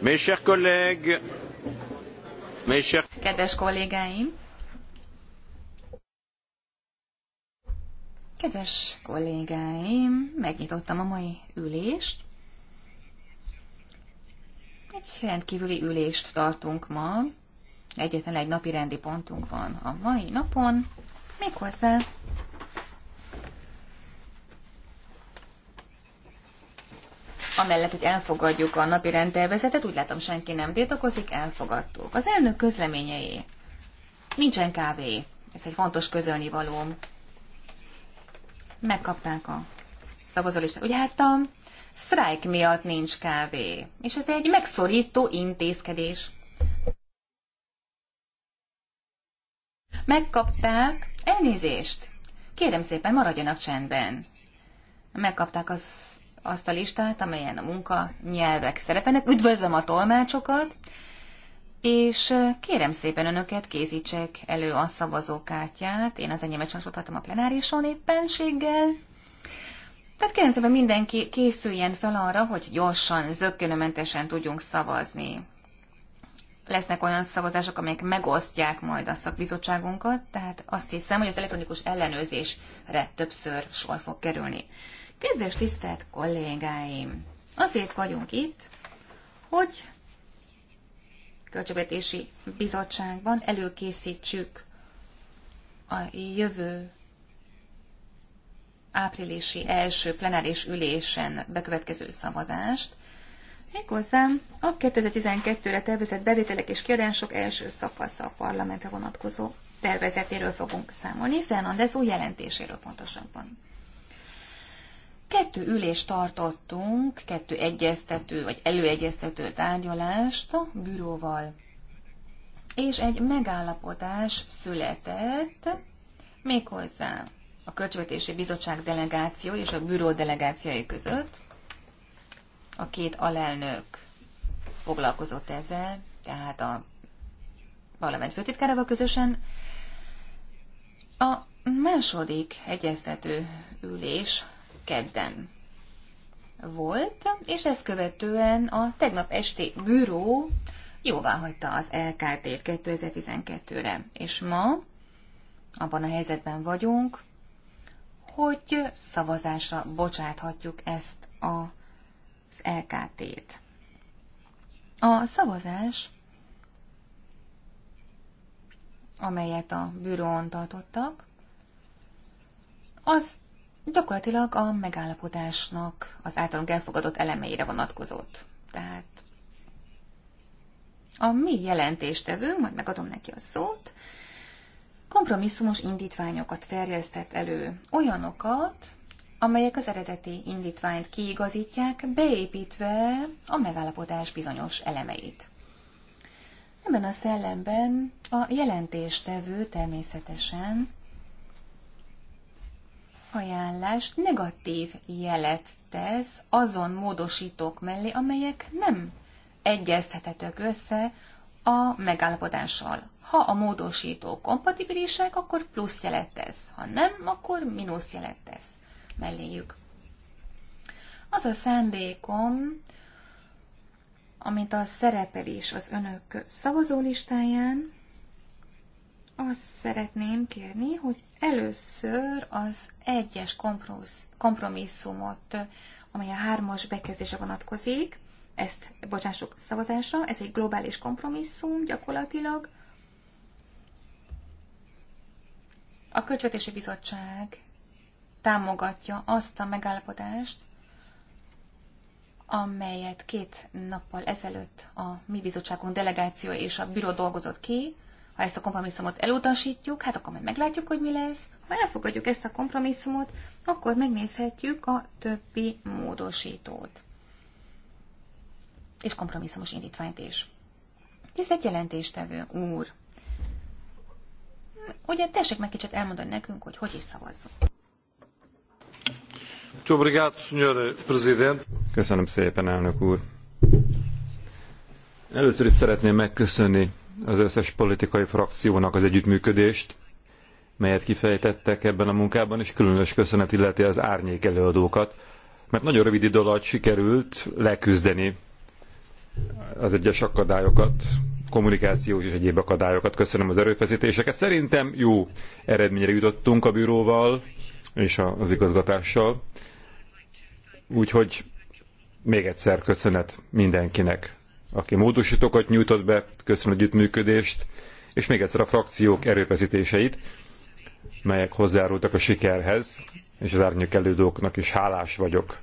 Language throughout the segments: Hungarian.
Mes chers collègues, mes chers... Kedves kollégáim! Kedves kollégáim, megnyitottam a mai ülést. Egy rendkívüli ülést tartunk ma. Egyetlen egy napi rendi pontunk van a mai napon, méghozzá amellett, hogy elfogadjuk a napi rendtervezetet, úgy látom senki nem tiltakozik, elfogadtuk. Az elnök közleményei. Nincsen kávé. Ez egy fontos közölni valóm. Megkapták a szavazolistát. Ugye hát a sztrájk miatt nincs kávé. És ez egy megszorító intézkedés. Megkapták elnézést. Kérem szépen, maradjanak csendben. Megkapták az azt a listát, amelyen a munka nyelvek szerepelnek. Üdvözlöm a tolmácsokat, és kérem szépen önöket, készítsék elő a szavazókártyát. Én az enyémet csatortottam a plenárison éppenséggel. Tehát kérem szépen mindenki készüljen fel arra, hogy gyorsan, zöggenőmentesen tudjunk szavazni. Lesznek olyan szavazások, amelyek megosztják majd a szakbizottságunkat, tehát azt hiszem, hogy az elektronikus ellenőrzésre többször sor fog kerülni. Kedves tisztelt kollégáim! Azért vagyunk itt, hogy Költségvetési Bizottságban előkészítsük a jövő áprilisi első plenáris ülésen bekövetkező szavazást, méghozzá a 2012-re tervezett bevételek és kiadások első szakasza a parlamentre vonatkozó tervezetéről fogunk számolni, Fernandez új jelentéséről pontosabban. Kettő ülést tartottunk, kettő egyeztető vagy előegyeztető tárgyalást a büróval. És egy megállapodás született, méghozzá a Költségvetési Bizottság delegáció és a bűró delegációi között. A két alelnök foglalkozott ezzel, tehát a parlament főtitkárával közösen. A második egyeztető ülés kedden volt, és ezt követően a tegnap esti bűró jóvá hagyta az lkt 2012-re. És ma abban a helyzetben vagyunk, hogy szavazásra bocsáthatjuk ezt a, az LKT-t. A szavazás, amelyet a bürón tartottak, azt gyakorlatilag a megállapodásnak az általunk elfogadott elemeire vonatkozott. Tehát a mi jelentéstevő, majd megadom neki a szót, kompromisszumos indítványokat terjesztett elő, olyanokat, amelyek az eredeti indítványt kiigazítják, beépítve a megállapodás bizonyos elemeit. Ebben a szellemben a jelentéstevő természetesen ajánlás negatív jelet tesz azon módosítók mellé, amelyek nem egyeztethetők össze a megállapodással. Ha a módosító kompatibilisek, akkor plusz jelet tesz, ha nem, akkor mínusz jelet tesz melléjük. Az a szándékom, amit a szerepelés az önök szavazólistáján, azt szeretném kérni, hogy először az egyes kompromisszumot, amely a hármas bekezdése vonatkozik, ezt bocsássuk szavazásra, ez egy globális kompromisszum gyakorlatilag. A Költségvetési Bizottság támogatja azt a megállapodást, amelyet két nappal ezelőtt a mi bizottságunk delegáció és a bíró dolgozott ki, ha ezt a kompromisszumot elutasítjuk, hát akkor majd meglátjuk, hogy mi lesz. Ha elfogadjuk ezt a kompromisszumot, akkor megnézhetjük a többi módosítót. És kompromisszumos indítványt is. egy jelentéstevő úr! Ugye tessék meg kicsit elmondani nekünk, hogy hogy is szavazzunk. Köszönöm szépen, elnök úr. Először is szeretném megköszönni az összes politikai frakciónak az együttműködést, melyet kifejtettek ebben a munkában, és különös köszönet illeti az árnyék előadókat, mert nagyon rövid idő alatt sikerült leküzdeni az egyes akadályokat, kommunikációs és egyéb akadályokat. Köszönöm az erőfeszítéseket. Szerintem jó eredményre jutottunk a bíróval és az igazgatással. Úgyhogy még egyszer köszönet mindenkinek aki módosítókat nyújtott be, köszönöm együttműködést, és még egyszer a frakciók erőfeszítéseit, melyek hozzájárultak a sikerhez, és az árnyék elődóknak is hálás vagyok.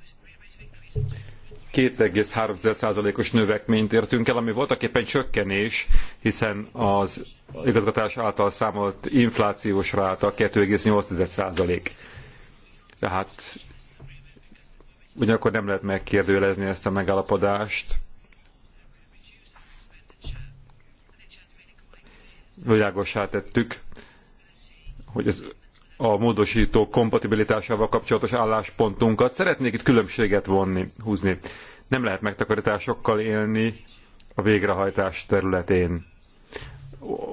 2,3%-os növekményt értünk el, ami voltak éppen csökkenés, hiszen az igazgatás által számolt inflációs ráta 2,8%. Tehát ugyanakkor nem lehet megkérdőlezni ezt a megállapodást, világosá tettük, hogy ez a módosító kompatibilitásával kapcsolatos álláspontunkat. Szeretnék itt különbséget vonni, húzni. Nem lehet megtakarításokkal élni a végrehajtás területén.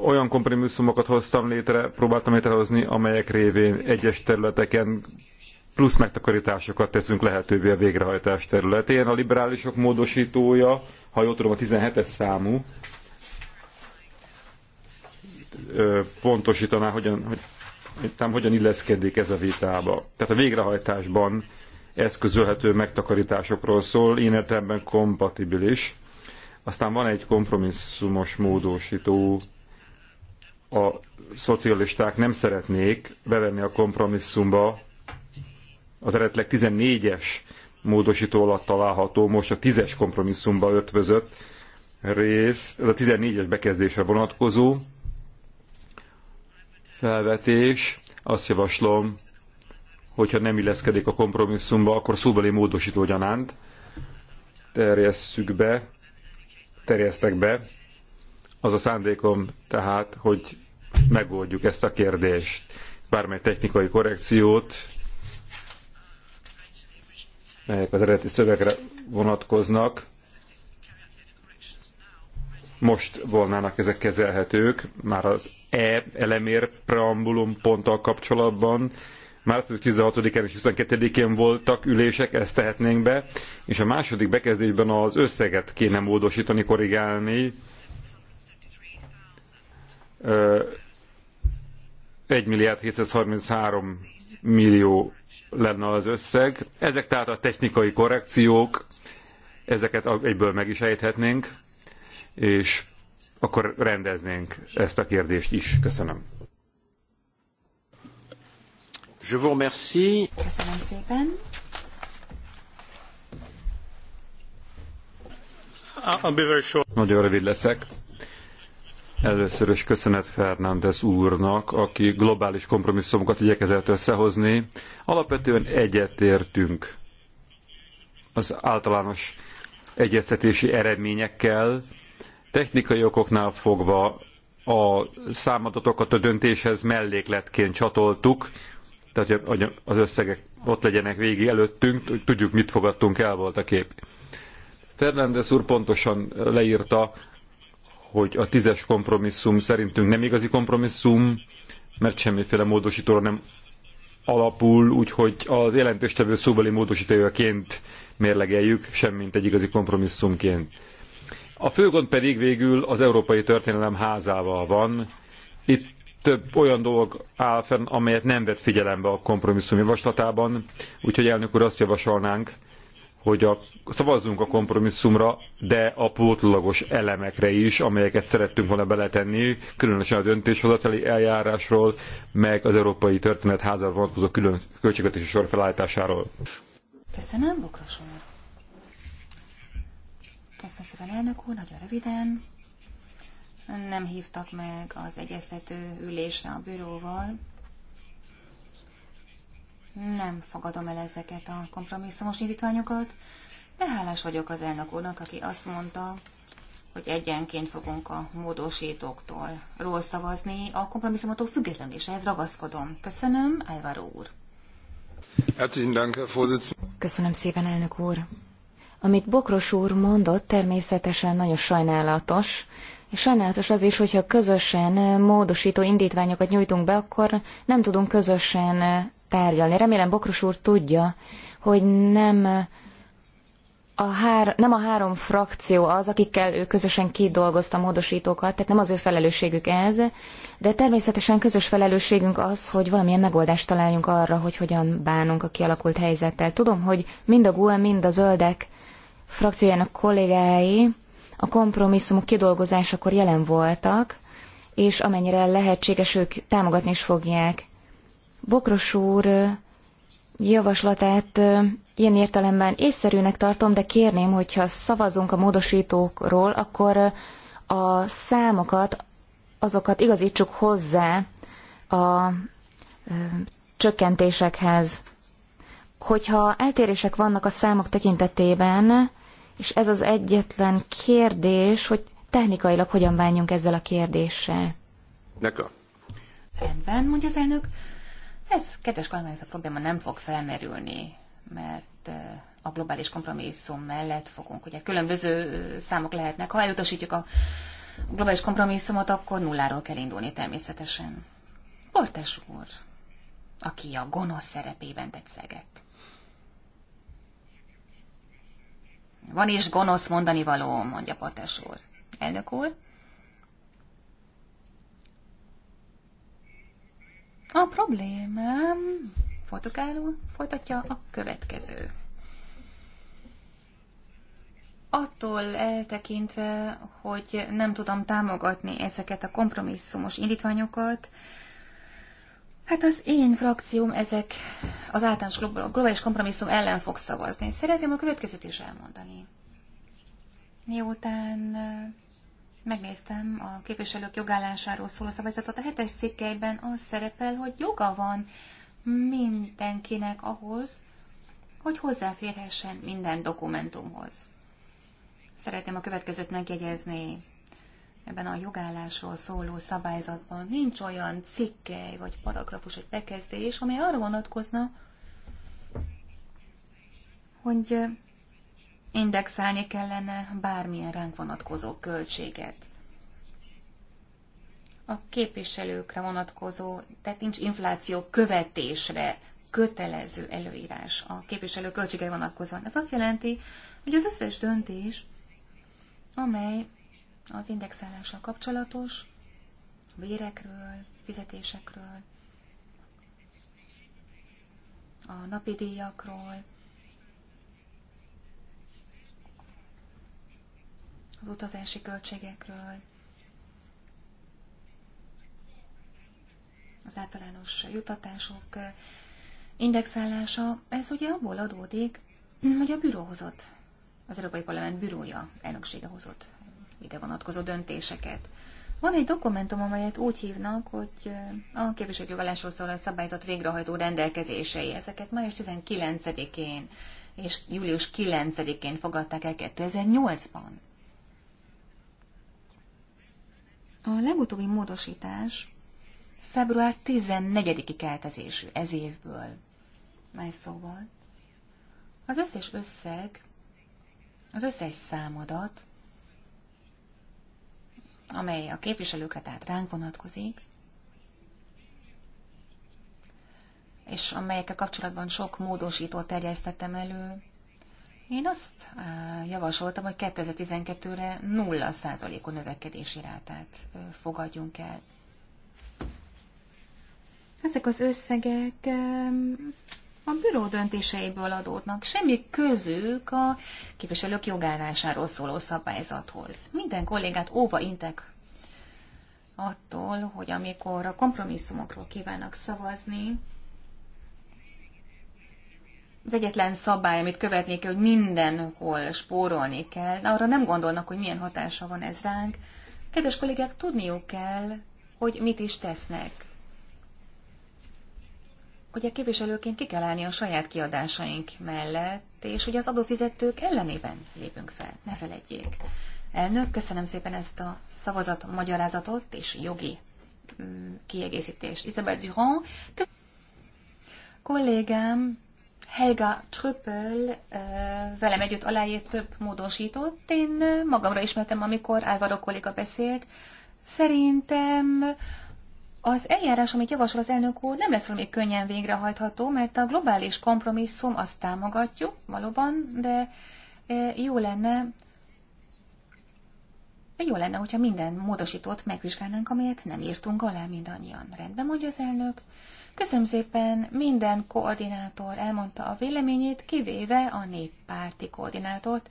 Olyan kompromisszumokat hoztam létre, próbáltam létrehozni, amelyek révén egyes területeken plusz megtakarításokat teszünk lehetővé a végrehajtás területén. A liberálisok módosítója, ha jól tudom, a 17-es számú, pontosítaná, hogyan, hogy, nem, hogyan illeszkedik ez a vitába. Tehát a végrehajtásban eszközölhető megtakarításokról szól, én ebben kompatibilis. Aztán van egy kompromisszumos módosító, a szocialisták nem szeretnék bevenni a kompromisszumba az eredetleg 14-es módosító alatt található, most a 10-es kompromisszumba ötvözött rész, ez a 14-es bekezdésre vonatkozó, felvetés, azt javaslom, hogyha nem illeszkedik a kompromisszumba, akkor szóbeli módosító gyanánt terjesszük be, terjesztek be. Az a szándékom tehát, hogy megoldjuk ezt a kérdést. Bármely technikai korrekciót, melyek az eredeti szövegre vonatkoznak, most volnának ezek kezelhetők, már az E elemér preambulum ponttal kapcsolatban. Március 16-án és 22-én voltak ülések, ezt tehetnénk be, és a második bekezdésben az összeget kéne módosítani, korrigálni. Ö, 1 milliárd 733 millió lenne az összeg. Ezek tehát a technikai korrekciók, ezeket egyből meg is ejthetnénk, és akkor rendeznénk ezt a kérdést is. Köszönöm. Je vous remercie. Köszönöm szépen. Nagyon rövid leszek. Először is köszönet Fernández úrnak, aki globális kompromisszumokat igyekezett összehozni. Alapvetően egyetértünk az általános egyeztetési eredményekkel, Technikai okoknál fogva a számadatokat a döntéshez mellékletként csatoltuk, tehát hogy az összegek ott legyenek végig előttünk, hogy tudjuk, mit fogadtunk el volt a kép. Fernández úr pontosan leírta, hogy a tízes kompromisszum szerintünk nem igazi kompromisszum, mert semmiféle módosítóra nem alapul, úgyhogy az jelentéstevő szóbeli módosítójaként mérlegeljük, semmint egy igazi kompromisszumként. A főgond pedig végül az Európai Történelem házával van. Itt több olyan dolog áll fenn, amelyet nem vett figyelembe a kompromisszum javaslatában, úgyhogy elnök úr azt javasolnánk, hogy a, szavazzunk a kompromisszumra, de a pótlagos elemekre is, amelyeket szerettünk volna beletenni, különösen a döntéshozatali eljárásról, meg az Európai Történetházal vonatkozó külön költségvetési sor felállításáról. Köszönöm, Bokros úr. Köszönöm szépen, elnök úr, nagyon röviden. Nem hívtak meg az egyeztető ülésre a büróval. Nem fogadom el ezeket a kompromisszumos indítványokat, de hálás vagyok az elnök úrnak, aki azt mondta, hogy egyenként fogunk a módosítóktól ról szavazni, a kompromisszumotok függetlenül is ehhez ragaszkodom. Köszönöm, Álvaro úr. Köszönöm szépen, elnök úr. Amit Bokros úr mondott, természetesen nagyon sajnálatos, és sajnálatos az is, hogyha közösen eh, módosító indítványokat nyújtunk be, akkor nem tudunk közösen eh, tárgyalni. Remélem Bokros úr tudja, hogy nem eh, a hár, nem a három frakció az, akikkel ő közösen kidolgozta módosítókat, tehát nem az ő felelősségük ez, de természetesen közös felelősségünk az, hogy valamilyen megoldást találjunk arra, hogy hogyan bánunk a kialakult helyzettel. Tudom, hogy mind a GUE, mind a zöldek frakciójának kollégái a kompromisszumok kidolgozásakor jelen voltak, és amennyire lehetséges, ők támogatni is fogják. Bokros úr javaslatát ilyen értelemben észszerűnek tartom, de kérném, hogyha szavazunk a módosítókról, akkor a számokat, azokat igazítsuk hozzá a csökkentésekhez. Hogyha eltérések vannak a számok tekintetében, és ez az egyetlen kérdés, hogy technikailag hogyan bánjunk ezzel a kérdéssel. Neka. Rendben, mondja az elnök. Ez, kedves kormány, ez a probléma nem fog felmerülni, mert a globális kompromisszum mellett fogunk. Ugye különböző számok lehetnek. Ha elutasítjuk a globális kompromisszumot, akkor nulláról kell indulni természetesen. Portes úr, aki a gonosz szerepében tetszegett. Van is gonosz mondani való, mondja Patás úr. Elnök úr. A problémám, fotokáló, folytatja a következő. Attól eltekintve, hogy nem tudom támogatni ezeket a kompromisszumos indítványokat, Hát az én frakcióm ezek az általános globális kompromisszum ellen fog szavazni. Szeretném a következőt is elmondani. Miután megnéztem a képviselők jogállásáról szóló szavazatot, a hetes cikkeiben az szerepel, hogy joga van mindenkinek ahhoz, hogy hozzáférhessen minden dokumentumhoz. Szeretném a következőt megjegyezni ebben a jogállásról szóló szabályzatban nincs olyan cikkely, vagy paragrafus, vagy bekezdés, amely arra vonatkozna, hogy indexálni kellene bármilyen ránk vonatkozó költséget. A képviselőkre vonatkozó, tehát nincs infláció követésre kötelező előírás a képviselő költségei vonatkozóan. Ez azt jelenti, hogy az összes döntés, amely az indexálással kapcsolatos, vérekről, fizetésekről, a napi díjakról, az utazási költségekről, az általános jutatások indexálása, ez ugye abból adódik, hogy a bűró hozott, az Európai Parlament bürója elnöksége hozott ide vonatkozó döntéseket. Van egy dokumentum, amelyet úgy hívnak, hogy a képviselőjogalásról a szabályzat végrehajtó rendelkezései. Ezeket május 19-én és július 9-én fogadták el 2008-ban. A legutóbbi módosítás február 14-i keltezésű ez évből. Más szóval, az összes összeg, az összes számadat amely a képviselőkre, tehát ránk vonatkozik, és amelyekkel kapcsolatban sok módosítót terjesztettem elő, én azt eh, javasoltam, hogy 2012-re 0%-o növekedési rátát eh, fogadjunk el. Ezek az összegek a büró döntéseiből adódnak. Semmi közük a képviselők jogállásáról szóló szabályzathoz. Minden kollégát óva intek attól, hogy amikor a kompromisszumokról kívánnak szavazni, az egyetlen szabály, amit követni kell, hogy mindenhol spórolni kell, arra nem gondolnak, hogy milyen hatása van ez ránk. Kedves kollégák, tudniuk kell, hogy mit is tesznek ugye képviselőként ki kell állni a saját kiadásaink mellett, és ugye az adófizetők ellenében lépünk fel, ne felejtjék. Elnök, köszönöm szépen ezt a szavazat magyarázatot és jogi mm, kiegészítést. Isabel Durand, kollégám Helga Tröppel velem együtt aláírt több módosítót. Én magamra ismertem, amikor Álvaro kolléga beszélt. Szerintem az eljárás, amit javasol az elnök úr, nem lesz valami könnyen végrehajtható, mert a globális kompromisszum azt támogatjuk, valóban, de e, jó lenne, jó lenne, hogyha minden módosítót megvizsgálnánk, amelyet nem írtunk alá mindannyian. Rendben mondja az elnök. Köszönöm szépen, minden koordinátor elmondta a véleményét, kivéve a néppárti koordinátort,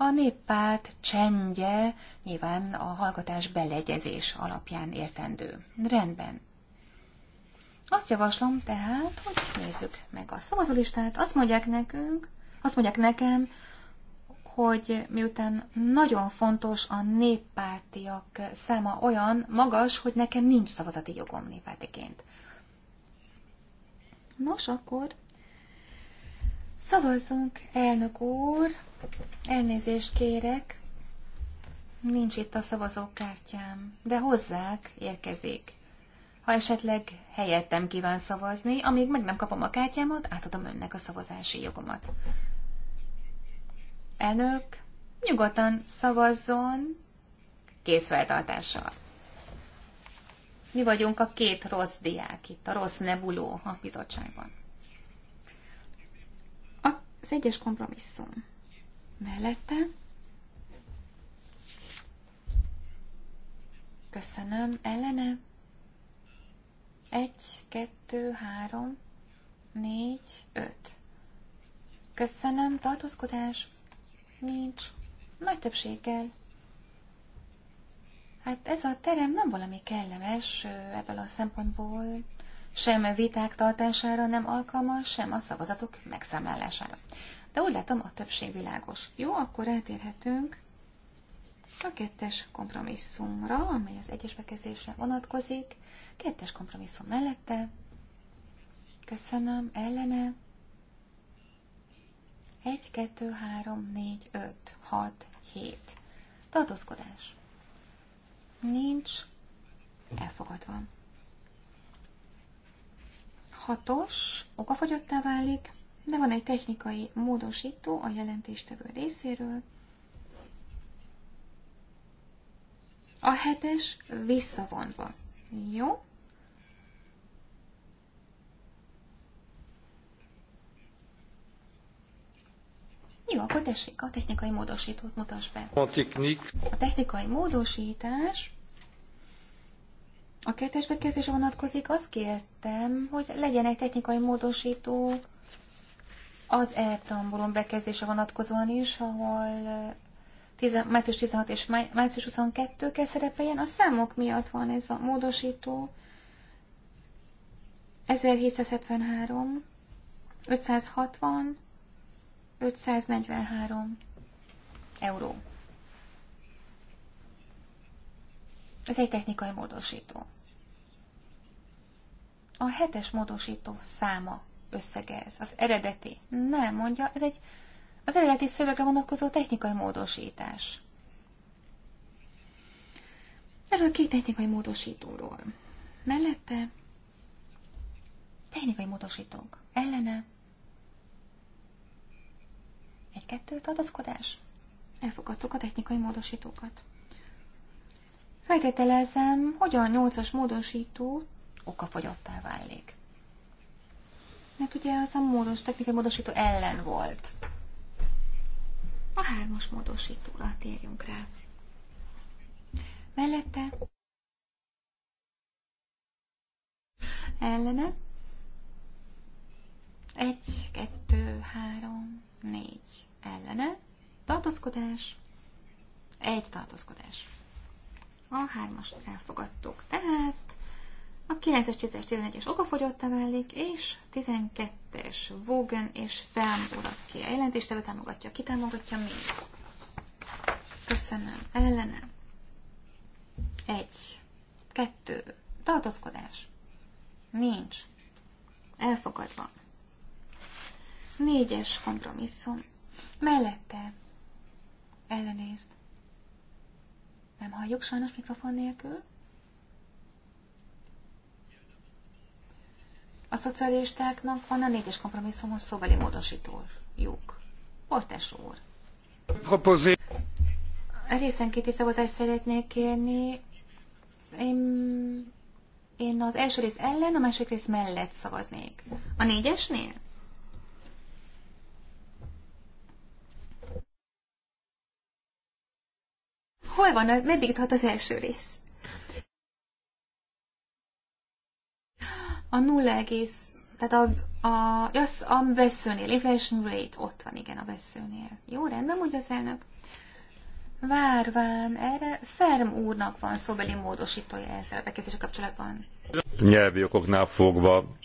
a néppárt csendje nyilván a hallgatás beleegyezés alapján értendő. Rendben. Azt javaslom tehát, hogy nézzük meg a szavazólistát. Azt mondják nekünk, azt mondják nekem, hogy miután nagyon fontos a néppártiak száma olyan magas, hogy nekem nincs szavazati jogom néppártiként. Nos, akkor szavazzunk, elnök úr, Elnézést kérek, nincs itt a szavazókártyám, de hozzák érkezik. Ha esetleg helyettem kíván szavazni, amíg meg nem kapom a kártyámat, átadom önnek a szavazási jogomat. Elnök, nyugodtan szavazzon készfeltartással. Mi vagyunk a két rossz diák itt, a rossz nebuló a bizottságban. Az egyes kompromisszum mellette. Köszönöm, ellene. Egy, kettő, három, négy, öt. Köszönöm, tartózkodás. Nincs. Nagy többséggel. Hát ez a terem nem valami kellemes ebből a szempontból. Sem viták tartására nem alkalmas, sem a szavazatok megszámlálására. De úgy látom, a többség világos. Jó, akkor eltérhetünk a kettes kompromisszumra, amely az egyes bekezdésre vonatkozik. Kettes kompromisszum mellette. Köszönöm, ellene. 1, 2, 3, 4, 5, 6, 7. Tartózkodás. Nincs. Elfogadva. Hatos. Okafogyottá válik de van egy technikai módosító a jelentéstevő részéről. A hetes visszavonva. Jó? Jó, akkor tessék, a technikai módosítót mutasd be. A, technik. a technikai módosítás a kettes bekezdésre vonatkozik, azt kértem, hogy legyen egy technikai módosító az e-preambulum bekezdése vonatkozóan is, ahol eh, március 16 és március 22 kell szerepeljen. A számok miatt van ez a módosító. 1773, 560, 543 euró. Ez egy technikai módosító. A hetes módosító száma összege ez, az eredeti. Nem, mondja, ez egy az eredeti szövegre vonatkozó technikai módosítás. Erről két technikai módosítóról. Mellette technikai módosítók. Ellene egy-kettő tartozkodás. Elfogadtuk a technikai módosítókat. Feltételezem, hogy a nyolcas módosító okafogyottá válik. Mert ugye az a módos, technikai módosító ellen volt. A hármas módosítóra térjünk rá. Mellette ellene egy, kettő, három, négy ellene tartózkodás, egy tartózkodás. A hármast elfogadtuk, tehát a 9-es, 10-es, 11-es okafogyott emellik, és 12-es Vogan és Fem urak ki. A jelentéstevő támogatja, ki támogatja még. Köszönöm. Ellenem. Egy. Kettő. Tartozkodás. Nincs. Elfogadva. Négyes kompromisszum. Mellette. Ellenézd. Nem halljuk sajnos mikrofon nélkül. A szocialistáknak van a négyes kompromisszumos szóbeli módosítójuk. Portes úr. Részen két szavazást szeretnék kérni. Én, én az első rész ellen, a másik rész mellett szavaznék. A négyesnél? Hol van, meddig tart az első rész? A 0, tehát a, a, az a veszőnél, inflation rate, ott van, igen, a veszőnél. Jó, rendben, mondja az elnök. Várván, erre Ferm úrnak van szóbeli módosítója ezzel a bekezdése kapcsolatban. Nyelvi okoknál fogva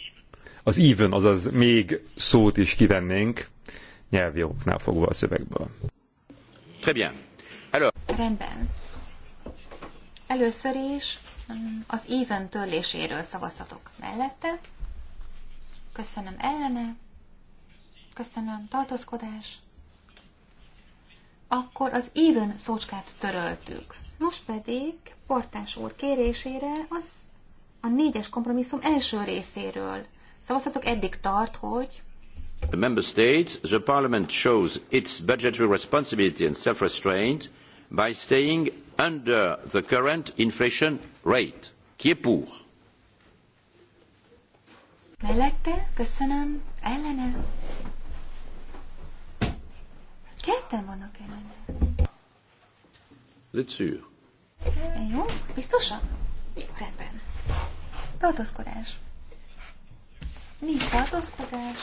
az even, azaz még szót is kivennénk, nyelvi okoknál fogva a szövegből. Très bien. Rendben. Először is az éven törléséről szavazhatok mellette. Köszönöm ellene. Köszönöm tartózkodás. Akkor az even szócskát töröltük. Most pedig Portás úr kérésére az a négyes kompromisszum első részéről. Szavazhatok eddig tart, hogy The member states, the parliament shows its budgetary responsibility and self-restraint by staying under the current inflation rate. Qui est pour? Mellette, köszönöm, ellene. Ketten vannak ellene. Let's see. Jó, biztosan? Jó, rendben. Tartózkodás. Nincs tartózkodás.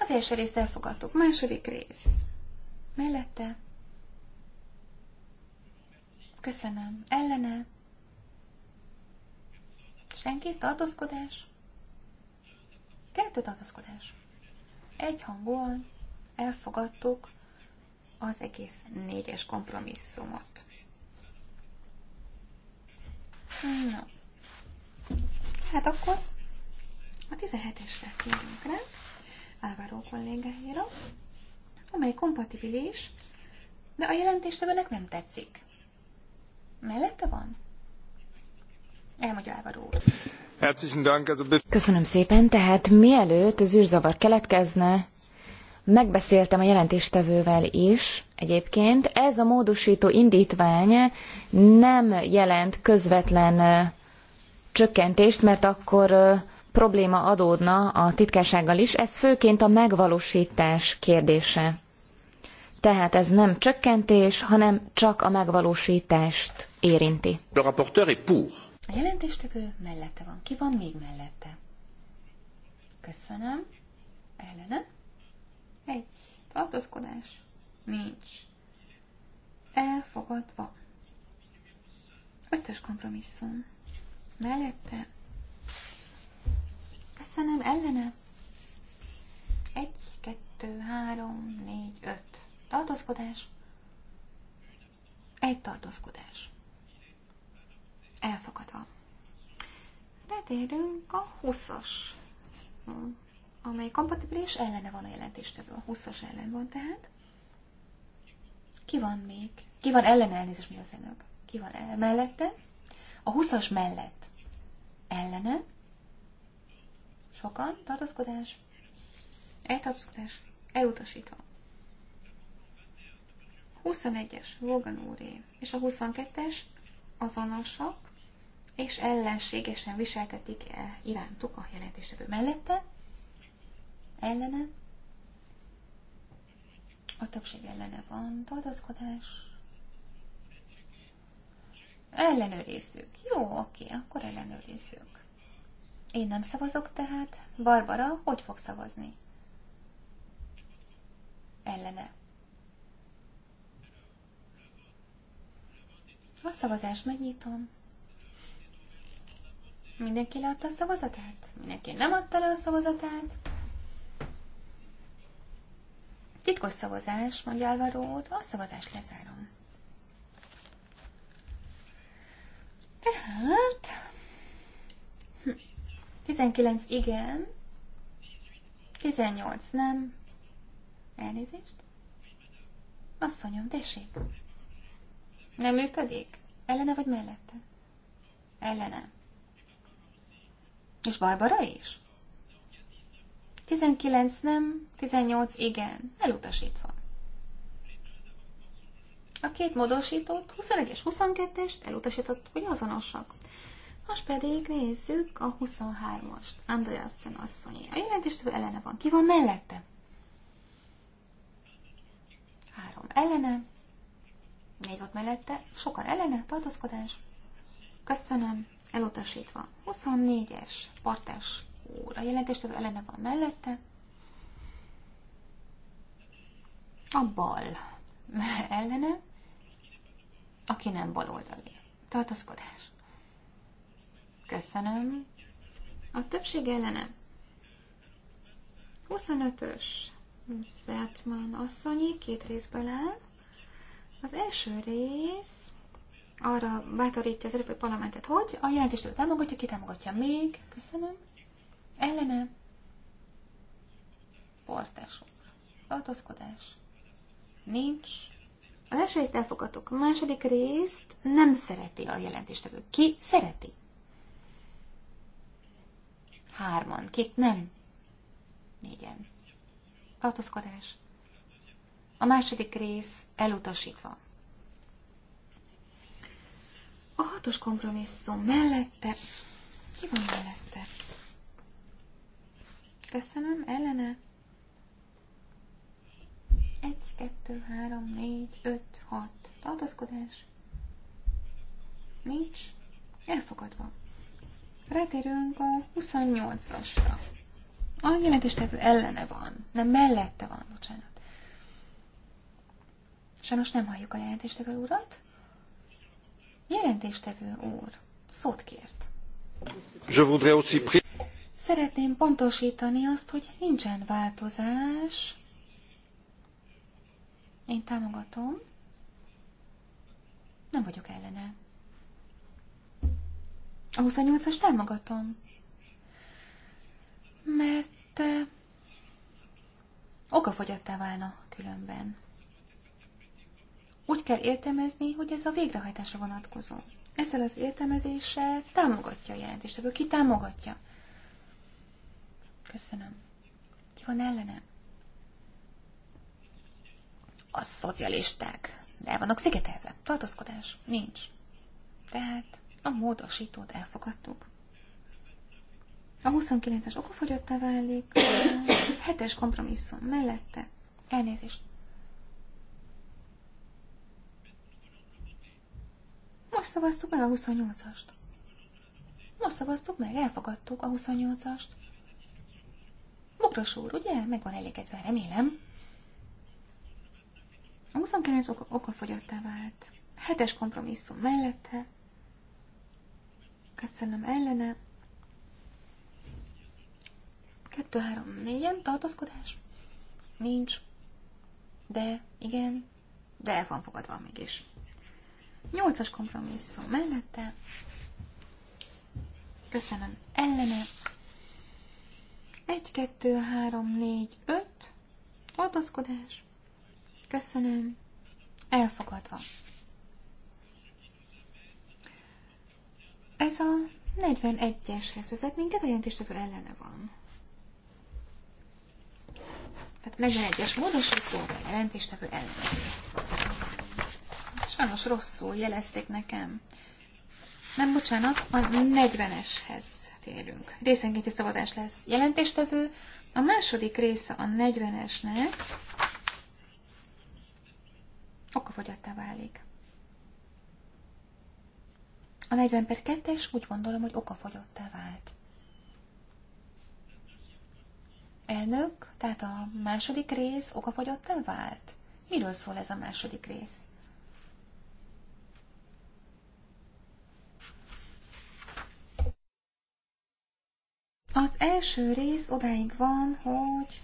Az első részt elfogadtuk. Második rész. Mellette. Köszönöm. Ellene? Senki? Tartózkodás? Kettő tartózkodás. Egy hangon elfogadtuk az egész négyes kompromisszumot. Na. Hát akkor a 17-esre térünk rá, Álvaro kollégáira, amely kompatibilis, de a jelentéstevőnek nem tetszik. Mellette van? Elmondja Álvaro úr. Köszönöm szépen, tehát mielőtt az űrzavar keletkezne, megbeszéltem a jelentéstevővel is egyébként. Ez a módosító indítvány nem jelent közvetlen csökkentést, mert akkor probléma adódna a titkársággal is. Ez főként a megvalósítás kérdése. Tehát ez nem csökkentés, hanem csak a megvalósítást érinti. Le rapporteur est pour. A jelentéstevő mellette van. Ki van még mellette? Köszönöm. Ellene? Egy. tartozkodás. Nincs. Elfogadva. Ötös kompromisszum. Mellette? Köszönöm. Ellene? Egy, kettő, három, négy, öt tartózkodás, egy tartózkodás. Elfogadva. Rátérünk a 20-as, amely kompatibilis ellene van a jelentéstevő. A 20-as ellen van tehát. Ki van még? Ki van ellen elnézés, mi az enök? Ki van el, mellette? A 20-as mellett. Ellene. Sokan. Tartózkodás. Egy tartózkodás. Elutasítva. 21-es Vogan úré és a 22-es azonosak, és ellenségesen viseltetik el irántuk a jelentéstevő mellette, ellene, a többség ellene van, tartozkodás, ellenőrizzük. Jó, oké, akkor ellenőrizzük. Én nem szavazok tehát. Barbara, hogy fog szavazni? Ellene. A szavazást megnyitom. Mindenki leadta a szavazatát? Mindenki nem adta le a szavazatát? Titkos szavazás, mondja Álvaro úr, a szavazást lezárom. Tehát... 19 hm, igen, 18 nem. Elnézést? Asszonyom, tessék. Nem működik? Ellene vagy mellette? Ellene. És Barbara is? 19 nem, 18 igen, elutasítva. A két módosított, 21 és 22-est elutasított, hogy azonosak. Most pedig nézzük a 23-ast. Andreasen asszonyi. A jelentéstől ellene van. Ki van mellette? Három ellene ott mellette, sokan ellene, tartózkodás. Köszönöm, elutasítva. 24-es, partás úr, a ellene van mellette. A bal ellene, aki nem baloldali. Tartózkodás. Köszönöm. A többség ellene. 25-ös Veltman asszonyi két részből áll. Az első rész arra bátorítja az Európai Parlamentet, hogy a jelentéstől támogatja, ki támogatja még, köszönöm, ellene, portások, tartózkodás, nincs. Az első részt elfogadtuk, a második részt nem szereti a jelentéstevő. Ki szereti? Hárman, kik nem? Négyen. Tartózkodás. A második rész elutasítva. A hatos kompromisszum mellette. Ki van mellette? Köszönöm, ellene. Egy kettő három négy öt hat Tartozkodás. Nincs. Elfogadva. Retérünk a 28-asra. A jelentéstevő ellene van. Nem, mellette van, bocsánat. Sajnos nem halljuk a jelentéstevő urat. Jelentéstevő úr, szót kért. Je voudrais aussi... Szeretném pontosítani azt, hogy nincsen változás. Én támogatom. Nem vagyok ellene. A 28-as támogatom. Mert eh, okafogyattá válna különben úgy kell értelmezni, hogy ez a végrehajtásra vonatkozó. Ezzel az értelmezéssel támogatja a jelentést. Ebből ki támogatja? Köszönöm. Ki van ellene? A szocialisták. De el vannak szigetelve. Tartózkodás. Nincs. Tehát a módosítót elfogadtuk. A 29-es okofogyottá válik, a 7-es kompromisszum mellette. Elnézést. Most szavaztuk meg a 28-ast. Most szavaztuk meg, elfogadtuk a 28-ast. Bokros úr, ugye? Meg van elégedve, remélem. A 29 oka, okafogyottá vált. Hetes kompromisszum mellette. Köszönöm ellene. 2, 3, 4-en tartózkodás? Nincs. De, igen. De el van fogadva mégis. Nyolcas kompromisszum mellette. Köszönöm. Ellene. 1, 2, 3, 4, 5. Oldozkodás. Köszönöm. Elfogadva. Ez a 41-eshez vezet minket, a jelentéstevő ellene van. Tehát 41-es módosítóra jelentéstevő ellenzi. Sajnos rosszul jelezték nekem. Nem, bocsánat, a 40-eshez térünk. Részenkénti szavazás lesz jelentéstevő. A második része a 40-esnek okafogyattá válik. A 40 per 2-es úgy gondolom, hogy okafogyottá vált. Elnök, tehát a második rész okafogyottá vált? Miről szól ez a második rész? Az első rész odáig van, hogy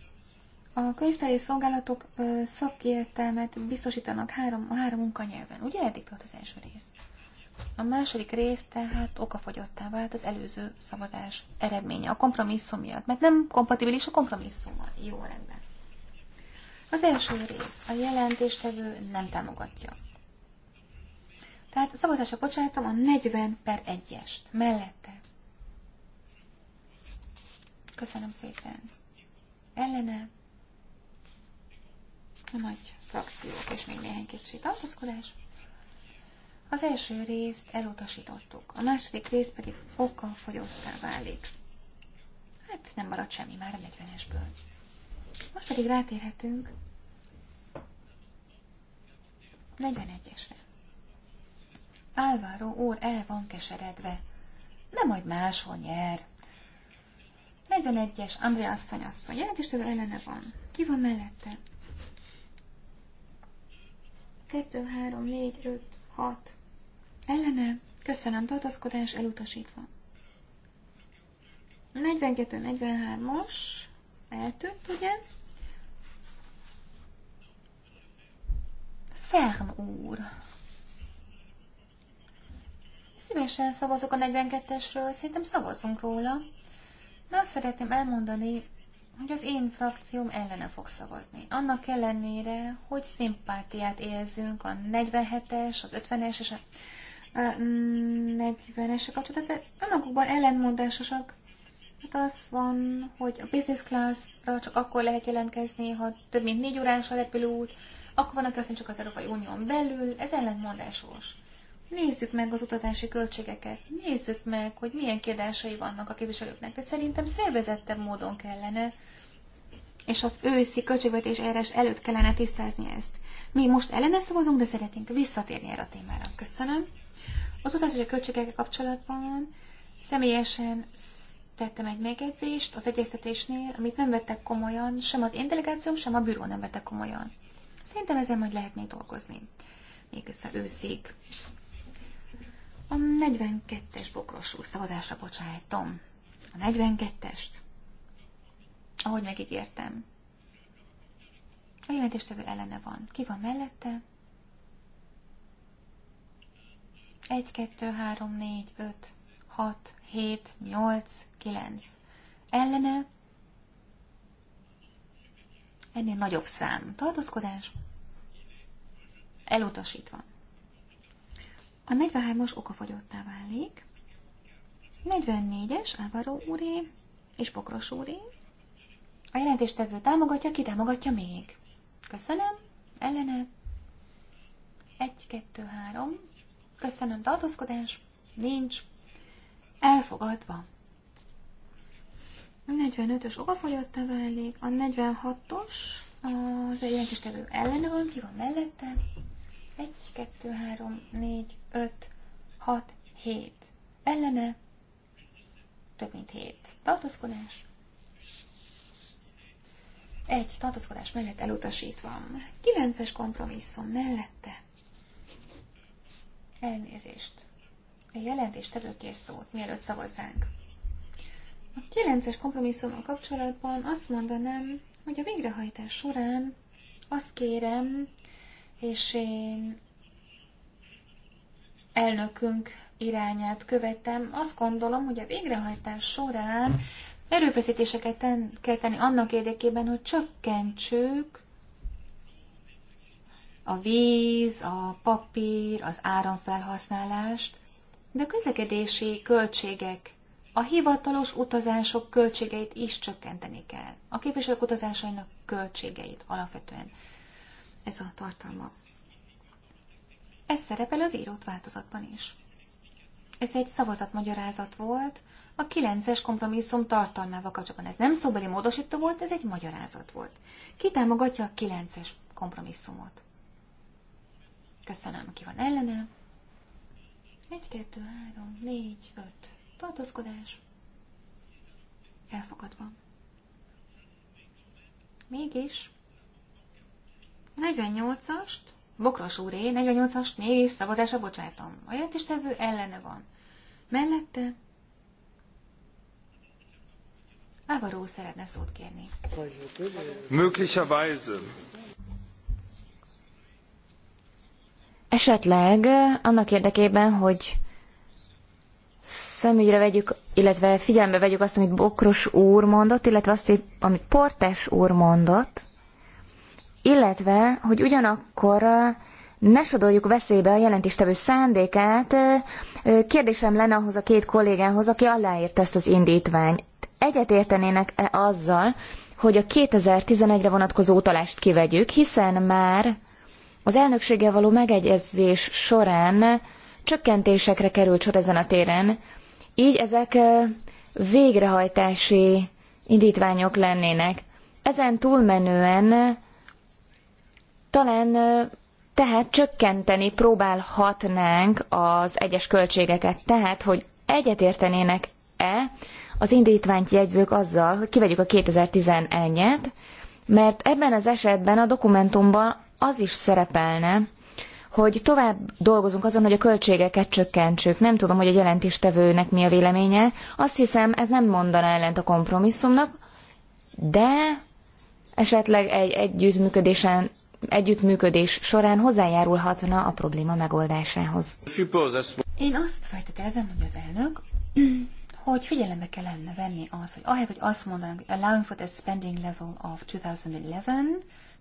a könyvtári szolgálatok szakértelmet biztosítanak három, a három munkanyelven. Ugye eddig volt az első rész? A második rész tehát okafogyottá vált az előző szavazás eredménye, a kompromisszum miatt, mert nem kompatibilis a kompromisszummal. Jó rendben. Az első rész a jelentéstevő nem támogatja. Tehát szavazásra bocsájtom a 40 per 1-est mellette. Köszönöm szépen. Ellene a nagy frakciók és még néhány kicsi tartózkodás. Az első részt elutasítottuk, a második rész pedig oka fogyottá válik. Hát nem marad semmi már a 40-esből. Most pedig rátérhetünk 41-esre. Álváró úr el van keseredve. Nem majd máshol nyer, 41-es, André asszony asszony. Jelent Jelentéstől ellene van. Ki van mellette? 2, 3, 4, 5, 6. Ellene. Köszönöm, tartaszkodás elutasítva. 42 43 as Eltűnt, ugye? Fern úr. Szívesen szavazok a 42-esről, szerintem szavazzunk róla. De azt szeretném elmondani, hogy az én frakcióm ellene fog szavazni. Annak ellenére, hogy szimpátiát érzünk a 47-es, az 50-es és a 40 es kapcsolatban, de önmagukban ellenmondásosak. Hát az van, hogy a business class-ra csak akkor lehet jelentkezni, ha több mint négy órás a repülőút, akkor van aztán csak az Európai Unión belül, ez ellentmondásos. Nézzük meg az utazási költségeket, nézzük meg, hogy milyen kérdései vannak a képviselőknek, de szerintem szervezettebb módon kellene, és az őszi költségvetés eres előtt kellene tisztázni ezt. Mi most ellene szavazunk, de szeretnénk visszatérni erre a témára. Köszönöm. Az utazási költségekkel kapcsolatban személyesen tettem egy megjegyzést az egyeztetésnél, amit nem vettek komolyan, sem az én delegációm, sem a bűró nem vettek komolyan. Szerintem ezen majd lehet még dolgozni. Még össze őszig. A 42-es bokrosú szavazásra bocsájtom. A 42-est. Ahogy megígértem. A jelentéstevő ellene van. Ki van mellette? 1, 2, 3, 4, 5, 6, 7, 8, 9. Ellene? Ennél nagyobb szám. Tartózkodás? Elutasítva. A 43-as okafogyottá válik. 44-es Ávaró úré és Pokros úré. A jelentéstevő támogatja, ki támogatja még. Köszönöm. Ellene. 1, 2, 3. Köszönöm, tartózkodás. Nincs. Elfogadva. 45-ös okafogyottá válik, a 46-os az jelentéstevő ellene van, ki van mellette, 1, 2, 3, 4, 5, 6, 7. Ellene több mint 7. Tartózkodás. Egy tartózkodás mellett elutasítva. 9-es kompromisszum mellette. Elnézést. A jelentést tevőkész szót, mielőtt szavaznánk. A 9-es kompromisszummal kapcsolatban azt mondanám, hogy a végrehajtás során azt kérem, és én elnökünk irányát követtem. Azt gondolom, hogy a végrehajtás során erőfeszítéseket ten, kell tenni annak érdekében, hogy csökkentsük a víz, a papír, az áramfelhasználást, de a közlekedési költségek, a hivatalos utazások költségeit is csökkenteni kell. A képviselők utazásainak költségeit alapvetően ez a tartalma. Ez szerepel az írott változatban is. Ez egy szavazatmagyarázat volt, a kilences kompromisszum tartalmával kapcsolatban. Ez nem szóbeli módosító volt, ez egy magyarázat volt. Ki támogatja a kilences kompromisszumot? Köszönöm, ki van ellene. Egy, kettő, három, négy, öt. Tartózkodás. Elfogadva. Mégis 48-ast, Bokros úré, 48-ast mégis szavazásra bocsájtom. A jelentéstevő ellene van. Mellette Ávaró szeretne szót kérni. Möglicherweise. Esetleg annak érdekében, hogy szemügyre vegyük, illetve figyelembe vegyük azt, amit Bokros úr mondott, illetve azt, amit Portes úr mondott, illetve, hogy ugyanakkor ne sodorjuk veszélybe a jelentéstevő szándékát. Kérdésem lenne ahhoz a két kollégához, aki aláírt ezt az indítványt. Egyetértenének-e azzal, hogy a 2011-re vonatkozó utalást kivegyük, hiszen már az elnökséggel való megegyezés során csökkentésekre került sor ezen a téren, így ezek végrehajtási indítványok lennének. Ezen túlmenően talán tehát csökkenteni próbálhatnánk az egyes költségeket, tehát hogy egyetértenének-e az indítványt jegyzők azzal, hogy kivegyük a 2011-et, mert ebben az esetben a dokumentumban az is szerepelne, hogy tovább dolgozunk azon, hogy a költségeket csökkentsük. Nem tudom, hogy a jelentéstevőnek mi a véleménye. Azt hiszem, ez nem mondaná ellent a kompromisszumnak, de esetleg egy együttműködésen együttműködés során hozzájárulhatna a probléma megoldásához. Én azt feltételezem, hogy az elnök, hogy figyelembe kellene venni az, hogy ahelyett, hogy azt mondanak, hogy allowing for the spending level of 2011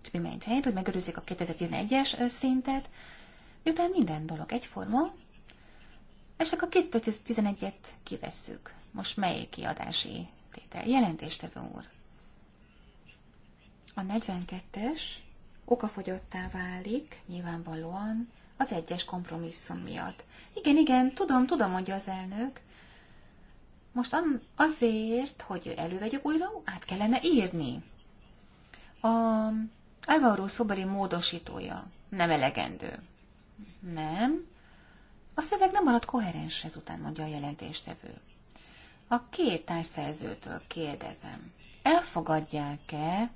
to be maintained, hogy megőrizzék a 2011-es szintet, miután minden dolog egyforma, és akkor a 2011-et kivesszük. Most mely kiadási tétel? Jelentéstevő úr. A 42-es okafogyottá válik, nyilvánvalóan, az egyes kompromisszum miatt. Igen, igen, tudom, tudom, mondja az elnök. Most azért, hogy elővegyük újra, át kellene írni. A Álvaro szobori módosítója nem elegendő. Nem. A szöveg nem marad koherens ezután, mondja a jelentéstevő. A két társszerzőtől kérdezem, elfogadják-e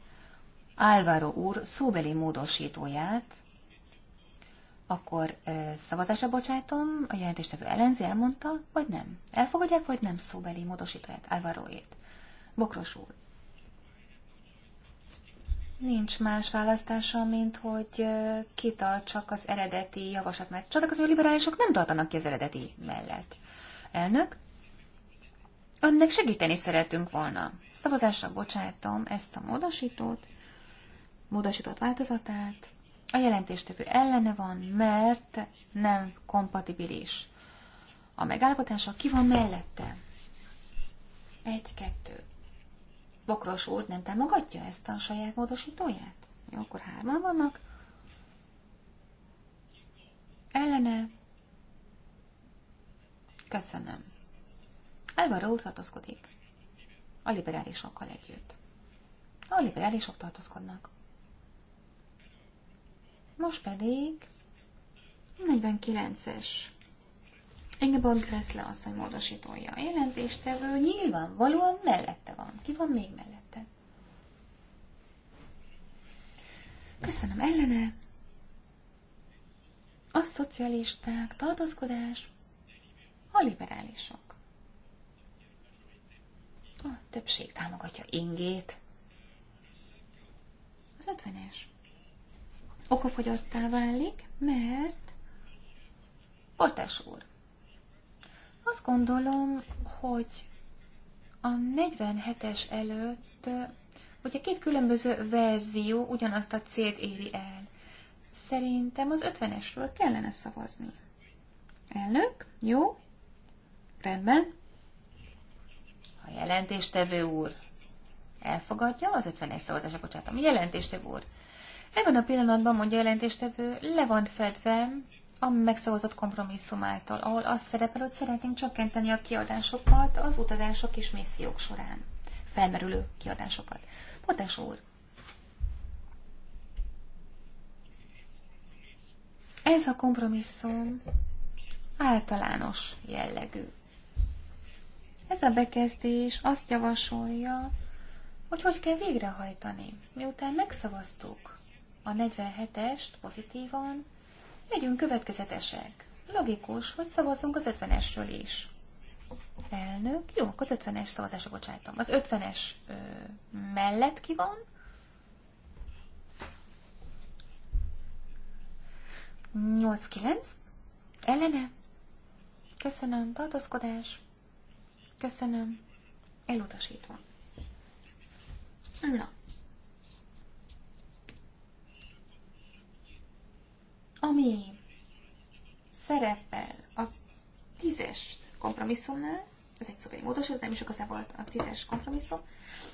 Álvaro úr szóbeli módosítóját, akkor szavazásra bocsátom, a jelentéstevő ellenzi, elmondta, vagy nem? Elfogadják, vagy nem szóbeli módosítóját, Álvaroét? Bokros úr. Nincs más választása, mint hogy csak az eredeti javaslat, mert csodálkozó liberálisok nem tartanak ki az eredeti mellett. Elnök, önnek segíteni szeretünk volna. Szavazásra bocsájtom ezt a módosítót, módosított változatát. A jelentéstevő ellene van, mert nem kompatibilis. A megállapotása ki van mellette? Egy, kettő. Bokros úr nem támogatja ezt a saját módosítóját? Jó, akkor hárman vannak. Ellene. Köszönöm. Álvaro úr tartozkodik. A liberálisokkal együtt. A liberálisok tartozkodnak. Most pedig 49-es Ingeborg Gressle asszony módosítója. A jelentéstevő valóan mellette van. Ki van még mellette? Köszönöm ellene. A szocialisták, tartózkodás, a liberálisok. A többség támogatja ingét. Az ötvenes okafogyottá válik, mert Portás úr, azt gondolom, hogy a 47-es előtt ugye két különböző verzió ugyanazt a célt éri el. Szerintem az 50-esről kellene szavazni. Elnök, jó, rendben. A jelentéstevő úr elfogadja az 51 bocsánat, a jelentéstevő úr Ebben a pillanatban, mondja a jelentéstevő, le van fedve a megszavazott kompromisszum által, ahol azt szerepel, hogy szeretnénk csökkenteni a kiadásokat az utazások és missziók során. Felmerülő kiadásokat. Potás úr, ez a kompromisszum általános jellegű. Ez a bekezdés azt javasolja, hogy hogy kell végrehajtani, miután megszavaztuk a 47-est pozitívan, legyünk következetesek. Logikus, hogy szavazzunk az 50-esről is. Elnök, jó, akkor az 50-es szavazásra bocsájtom. Az 50-es mellett ki van? Nyolc kilenc? Ellene? Köszönöm, tartózkodás. Köszönöm, elutasítva. Na, No. ami szerepel a tízes kompromisszumnál, ez egy szóbeli módosító, nem is igazából a tízes kompromisszum,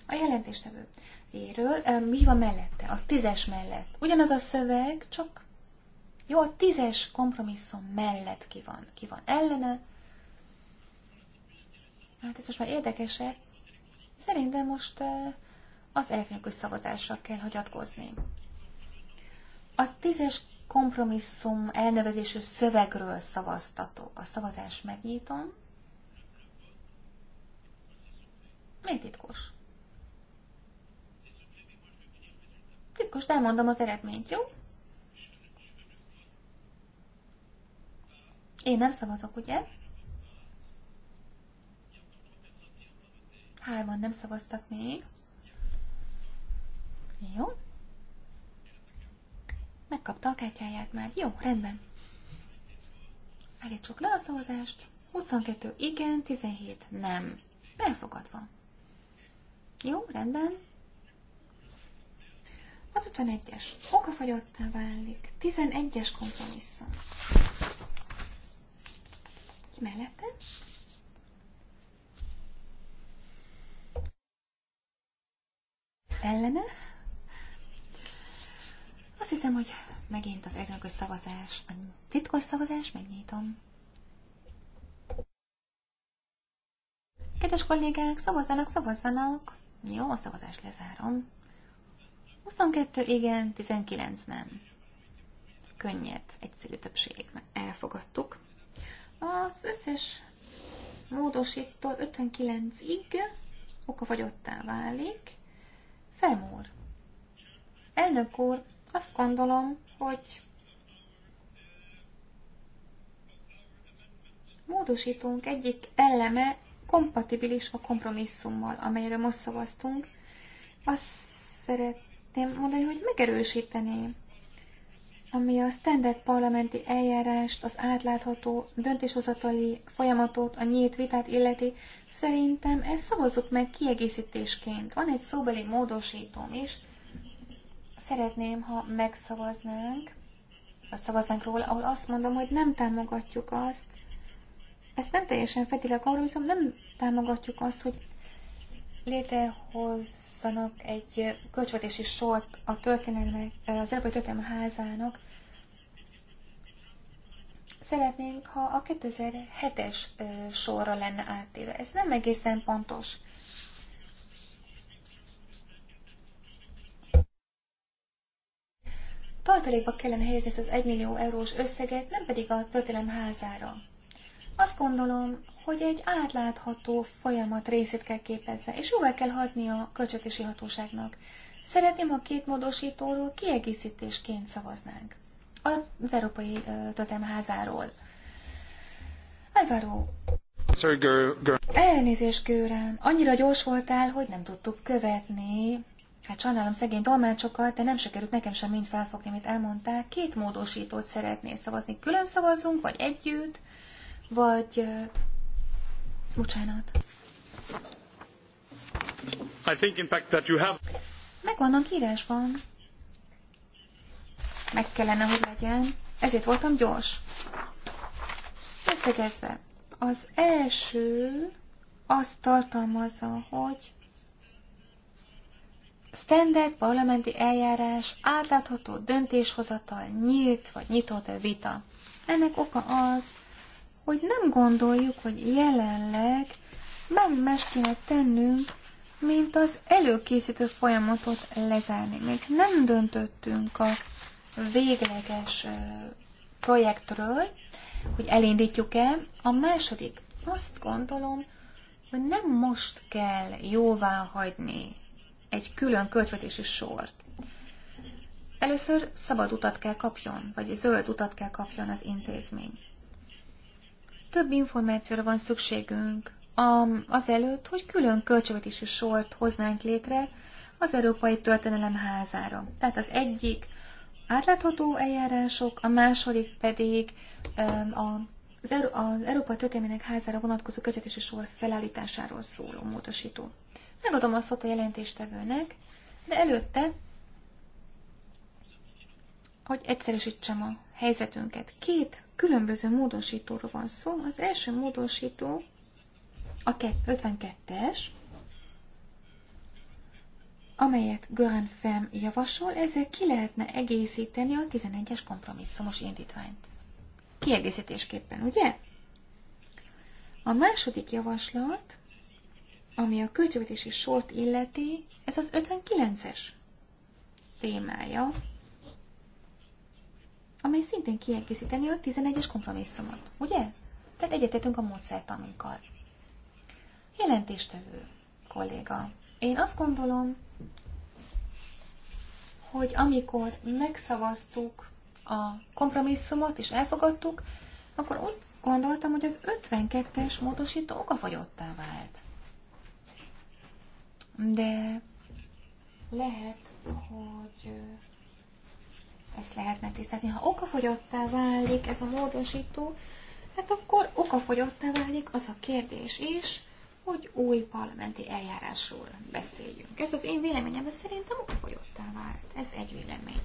a jelentéstevőjéről, mi van mellette, a tízes mellett. Ugyanaz a szöveg, csak jó, a tízes kompromisszum mellett ki van, ki van ellene. Hát ez most már érdekesebb. Szerintem most az elektronikus szavazásra kell hagyatkozni. A tízes kompromisszum elnevezésű szövegről szavaztatok. A szavazás megnyitom. Miért titkos. Titkos, de elmondom az eredményt, jó? Én nem szavazok, ugye? Hárman nem szavaztak még. Jó. Megkapta a kártyáját már. Jó, rendben. Állítsuk le a szavazást. 22 igen, 17 nem. Elfogadva. Jó, rendben. Az 51-es okafagyottá válik. 11-es kompromisszum. Mellette? Ellene? Azt hiszem, hogy megint az egynökös szavazás, a titkos szavazás, megnyitom. Kedves kollégák, szavazzanak, szavazzanak! Jó, a szavazást lezárom. 22 igen, 19 nem. Könnyed, egyszerű többség, elfogadtuk. Az összes módosító 59-ig okafagyottá válik. Felmúr. Elnök úr, azt gondolom, hogy módosítunk egyik eleme kompatibilis a kompromisszummal, amelyről most szavaztunk. Azt szeretném mondani, hogy megerősíteni, ami a standard parlamenti eljárást, az átlátható döntéshozatali folyamatot, a nyílt vitát illeti, szerintem ezt szavazzuk meg kiegészítésként. Van egy szóbeli módosítóm is, Szeretném, ha megszavaznánk, vagy szavaznánk róla, ahol azt mondom, hogy nem támogatjuk azt, ezt nem teljesen fedi arra, viszont nem támogatjuk azt, hogy létrehozzanak egy költségvetési sort a történelme, az Európai Történelme Házának. Szeretnénk, ha a 2007-es sorra lenne áttéve. Ez nem egészen pontos. tartalékba kellene helyezni ezt az 1 millió eurós összeget, nem pedig a történelem házára. Azt gondolom, hogy egy átlátható folyamat részét kell képezze, és jóvá kell hatni a költségvetési hatóságnak. Szeretném, ha két módosítóról kiegészítésként szavaznánk. Az Európai Totem házáról. Álvaro. Elnézést, Gőrán. Annyira gyors voltál, hogy nem tudtuk követni Hát sajnálom szegény tolmácsokat, de nem sikerült nekem sem mind felfogni, amit elmondták. Két módosítót szeretné szavazni. Külön szavazunk, vagy együtt, vagy... Bocsánat. I think in fact that you have... vannak írásban. Meg kellene, hogy legyen. Ezért voltam gyors. Összegezve, az első azt tartalmazza, hogy Standard parlamenti eljárás, átlátható döntéshozatal, nyílt vagy nyitott vita. Ennek oka az, hogy nem gondoljuk, hogy jelenleg bármi más kéne tennünk, mint az előkészítő folyamatot lezárni. Még nem döntöttünk a végleges projektről, hogy elindítjuk-e. A második, azt gondolom, hogy nem most kell jóvá hagyni egy külön költvetési sort. Először szabad utat kell kapjon, vagy zöld utat kell kapjon az intézmény. Több információra van szükségünk azelőtt, hogy külön költségvetési sort hoznánk létre az Európai Történelem házára. Tehát az egyik átlátható eljárások, a második pedig az, Euró- az házára vonatkozó költségvetési sor felállításáról szóló módosító. Megadom a szót a jelentéstevőnek, de előtte, hogy egyszerűsítsem a helyzetünket. Két különböző módosítóról van szó. Az első módosító a 52-es, amelyet Göran Fem javasol, ezzel ki lehetne egészíteni a 11-es kompromisszumos indítványt. Kiegészítésképpen, ugye? A második javaslat ami a költségvetési sort illeti, ez az 59-es témája, amely szintén kiegészíteni a 11-es kompromisszumot, ugye? Tehát egyetetünk a módszertanunkkal. Jelentéstevő kolléga, én azt gondolom, hogy amikor megszavaztuk a kompromisszumot és elfogadtuk, akkor úgy gondoltam, hogy az 52-es módosító okafogyottá vált de lehet, hogy ezt lehetne tisztázni. Ha okafogyottá válik ez a módosító, hát akkor okafogyottá válik az a kérdés is, hogy új parlamenti eljárásról beszéljünk. Ez az én véleményem, de szerintem okafogyottá vált. Ez egy vélemény.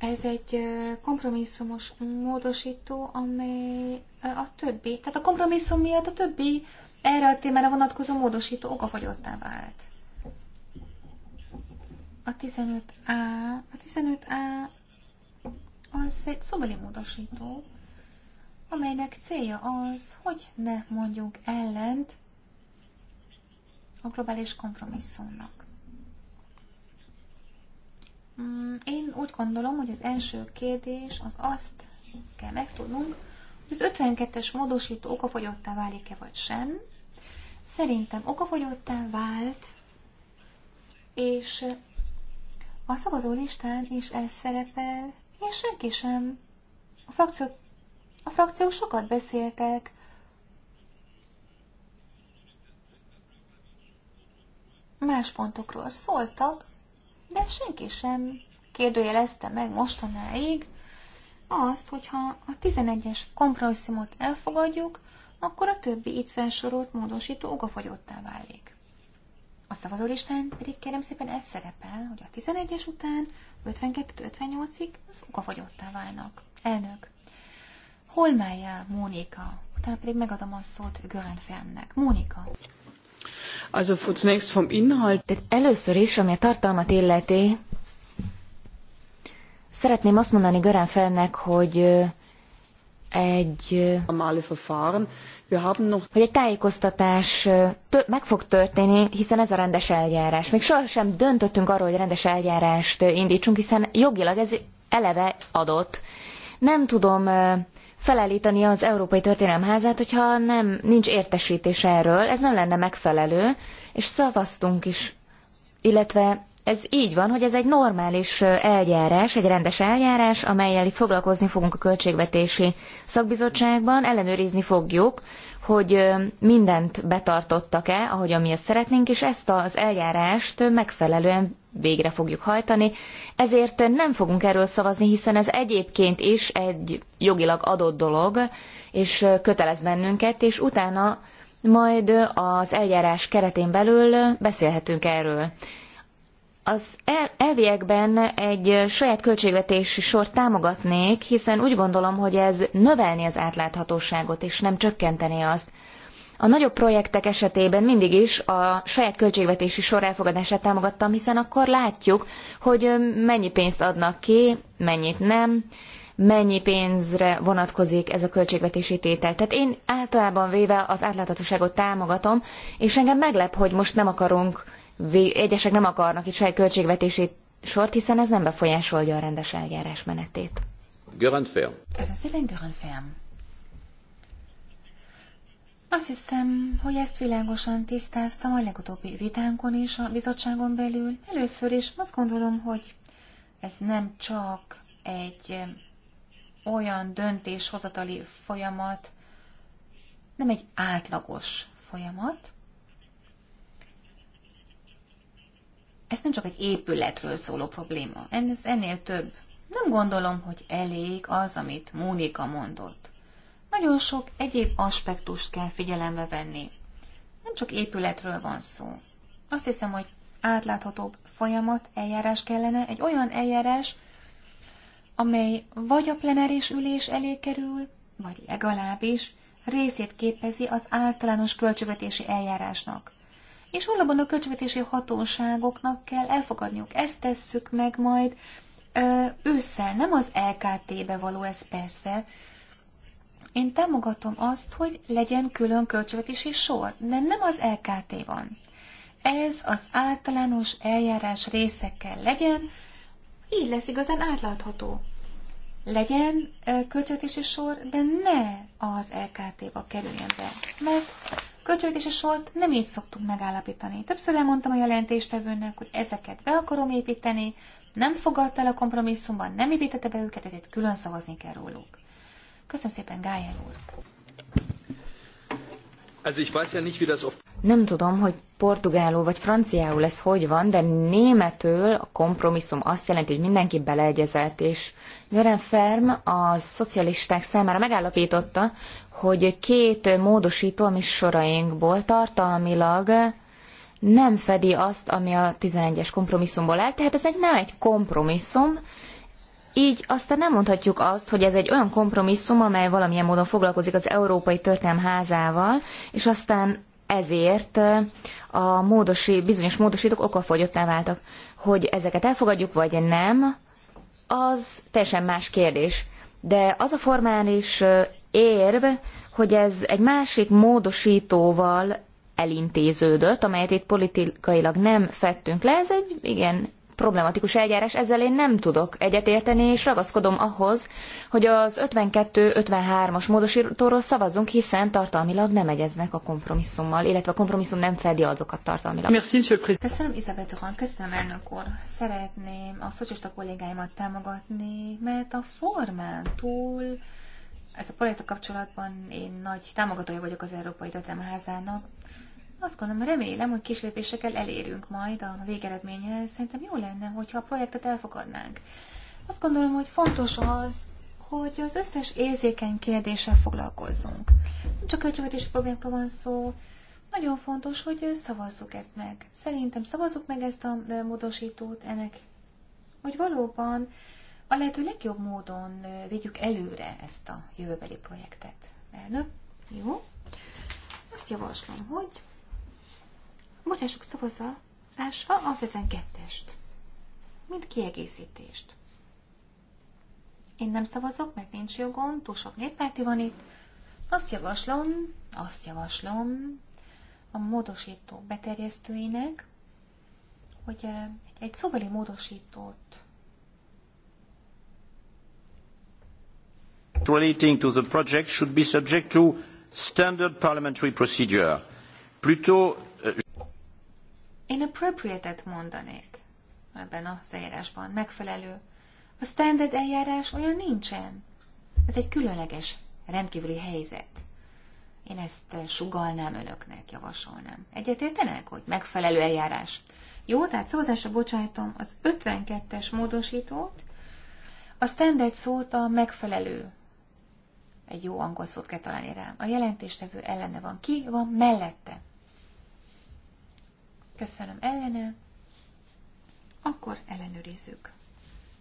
Ez egy kompromisszumos módosító, amely a többi, tehát a kompromisszum miatt a többi erre a témára vonatkozó módosító okafogyottá vált. A 15A, a 15A az egy szobeli módosító, amelynek célja az, hogy ne mondjunk ellent a globális kompromisszumnak. Mm, én úgy gondolom, hogy az első kérdés az azt kell megtudnunk, hogy az 52-es módosító okafogyottá válik-e vagy sem, szerintem okafogyottán vált, és a szavazó listán is ez szerepel, és senki sem. A frakciók, a frakciók sokat beszéltek, más pontokról szóltak, de senki sem kérdőjelezte meg mostanáig azt, hogyha a 11-es kompromisszumot elfogadjuk, akkor a többi itt felsorolt módosító ogafogyottá válik. A szavazólistán pedig kérem szépen ez szerepel, hogy a 11-es után 52-58-ig az ogafogyottá válnak. Elnök. Holmája Mónika, utána pedig megadom a szót Görán Felmnek. Mónika. Also zunächst vom Inhalt. De először is, ami a tartalmat illeti, szeretném azt mondani Görán Felmnek, hogy egy, hogy egy tájékoztatás meg fog történni, hiszen ez a rendes eljárás. Még sohasem döntöttünk arról, hogy rendes eljárást indítsunk, hiszen jogilag ez eleve adott. Nem tudom felállítani az Európai Történelemházát, hogyha nem, nincs értesítés erről, ez nem lenne megfelelő, és szavaztunk is, illetve ez így van, hogy ez egy normális eljárás, egy rendes eljárás, amelyel itt foglalkozni fogunk a Költségvetési Szakbizottságban, ellenőrizni fogjuk, hogy mindent betartottak-e, ahogy mi ezt szeretnénk, és ezt az eljárást megfelelően végre fogjuk hajtani. Ezért nem fogunk erről szavazni, hiszen ez egyébként is egy jogilag adott dolog, és kötelez bennünket, és utána majd az eljárás keretén belül beszélhetünk erről. Az elviekben egy saját költségvetési sort támogatnék, hiszen úgy gondolom, hogy ez növelni az átláthatóságot, és nem csökkenteni azt. A nagyobb projektek esetében mindig is a saját költségvetési sor elfogadását támogattam, hiszen akkor látjuk, hogy mennyi pénzt adnak ki, mennyit nem, mennyi pénzre vonatkozik ez a költségvetési tétel. Tehát én általában véve az átláthatóságot támogatom, és engem meglep, hogy most nem akarunk egyesek nem akarnak itt saját költségvetési sort, hiszen ez nem befolyásolja a rendes eljárás menetét. Göran Ez Köszönöm szépen, Göran Färm. Azt hiszem, hogy ezt világosan tisztáztam a legutóbbi vitánkon is a bizottságon belül. Először is azt gondolom, hogy ez nem csak egy olyan döntéshozatali folyamat, nem egy átlagos folyamat, ez nem csak egy épületről szóló probléma, ez ennél több. Nem gondolom, hogy elég az, amit Mónika mondott. Nagyon sok egyéb aspektust kell figyelembe venni. Nem csak épületről van szó. Azt hiszem, hogy átláthatóbb folyamat, eljárás kellene, egy olyan eljárás, amely vagy a plenáris ülés elé kerül, vagy legalábbis részét képezi az általános költségvetési eljárásnak és valóban a költségvetési hatóságoknak kell elfogadniuk. Ezt tesszük meg majd ősszel, nem az LKT-be való ez persze. Én támogatom azt, hogy legyen külön költségvetési sor, de nem az LKT van. Ez az általános eljárás része kell legyen, így lesz igazán átlátható. Legyen költségvetési sor, de ne az LKT-ba kerüljen be, mert költségvetési sort nem így szoktunk megállapítani. Többször elmondtam a jelentéstevőnek, hogy ezeket be akarom építeni, nem fogadta el a kompromisszumban, nem építette be őket, ezért külön szavazni kell róluk. Köszönöm szépen, Gájer úr! Nem tudom, hogy portugálul vagy franciául ez hogy van, de németül a kompromisszum azt jelenti, hogy mindenki beleegyezett, és Gören Ferm a szocialisták számára megállapította, hogy két módosító, ami sorainkból tartalmilag nem fedi azt, ami a 11-es kompromisszumból áll, tehát ez egy, nem egy kompromisszum, így aztán nem mondhatjuk azt, hogy ez egy olyan kompromisszum, amely valamilyen módon foglalkozik az Európai Történelm Házával, és aztán ezért eh, a módosi, bizonyos módosítók okafogyottá váltak. Hogy ezeket elfogadjuk, vagy nem, az teljesen más kérdés. De az a formális eh, érv, hogy ez egy másik módosítóval elintéződött, amelyet itt politikailag nem fettünk le, ez egy igen problematikus eljárás, ezzel én nem tudok egyetérteni, és ragaszkodom ahhoz, hogy az 52-53-as módosítóról szavazzunk, hiszen tartalmilag nem egyeznek a kompromisszummal, illetve a kompromisszum nem fedi azokat tartalmilag. köszönöm, Isabel köszönöm, elnök úr. Szeretném a szocialista kollégáimat támogatni, mert a formán túl ez a projekt kapcsolatban én nagy támogatója vagyok az Európai Dötemházának. Azt gondolom, remélem, hogy kislépésekkel elérünk majd a végeredményhez. Szerintem jó lenne, hogyha a projektet elfogadnánk. Azt gondolom, hogy fontos az, hogy az összes érzékeny kérdéssel foglalkozzunk. Nem csak költségvetési problémákról van szó, nagyon fontos, hogy szavazzuk ezt meg. Szerintem szavazzuk meg ezt a módosítót ennek, hogy valóban a lehető legjobb módon vigyük előre ezt a jövőbeli projektet. Elnök, jó? Azt javaslom, hogy bocsássuk szavazásra az 52-est, mint kiegészítést. Én nem szavazok, meg nincs jogom, túl sok néppárti van itt. Azt javaslom, azt javaslom a módosító beterjesztőinek, hogy egy, egy szóbeli módosítót relating to the project should be subject to standard parliamentary procedure. Plutôt... Uh, Én inappropriate et mondanék ebben az eljárásban, megfelelő. A standard eljárás olyan nincsen. Ez egy különleges, rendkívüli helyzet. Én ezt uh, sugalnám önöknek, javasolnám. Egyetértenek, hogy megfelelő eljárás. Jó, tehát szavazásra bocsájtom az 52-es módosítót, a standard szót a megfelelő egy jó angol szót kell találni rám. A jelentéstevő ellene van. Ki van mellette? Köszönöm ellene. Akkor ellenőrizzük